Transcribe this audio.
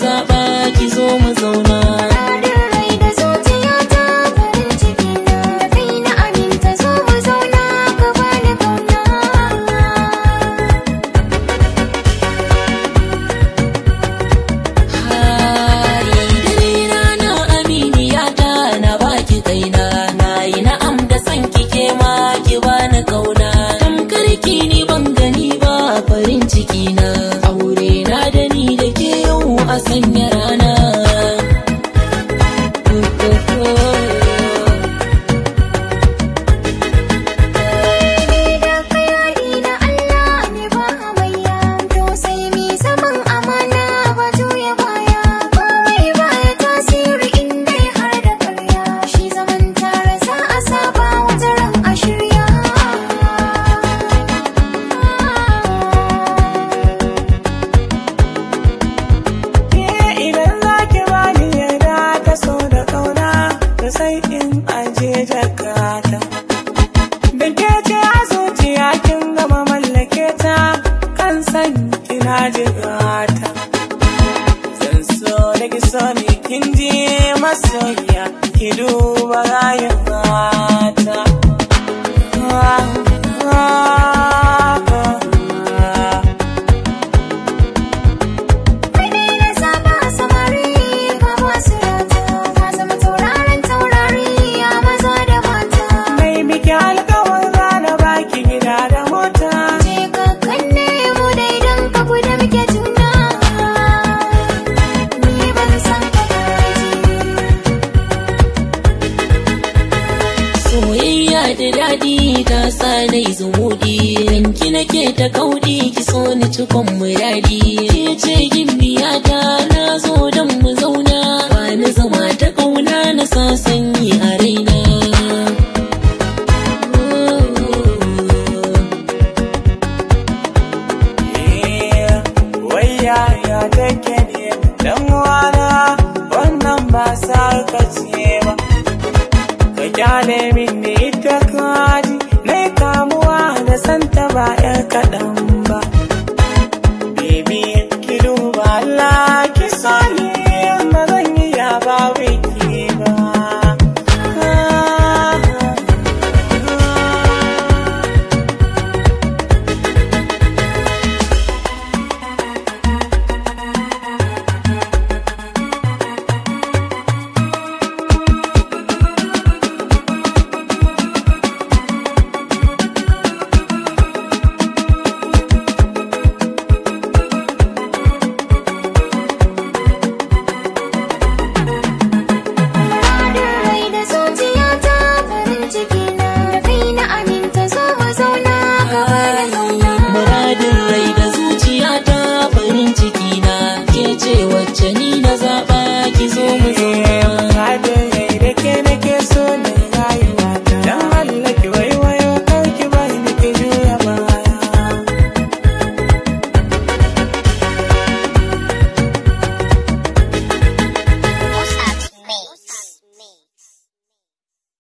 casa. sai in aje jakata da ke ce a zuciya kin gama mallake ta kan san kina jigata zan so da ki so ni kin je masoya ki duba rayuwa da daɗi ta sa na yi zumudi na nake ta kaudi ki so ni cikon muradi ke ce ta na zo don mu zauna ba na zama ta kauna na sa sanyi a raina Yeah, wanna, wannan ba baya down.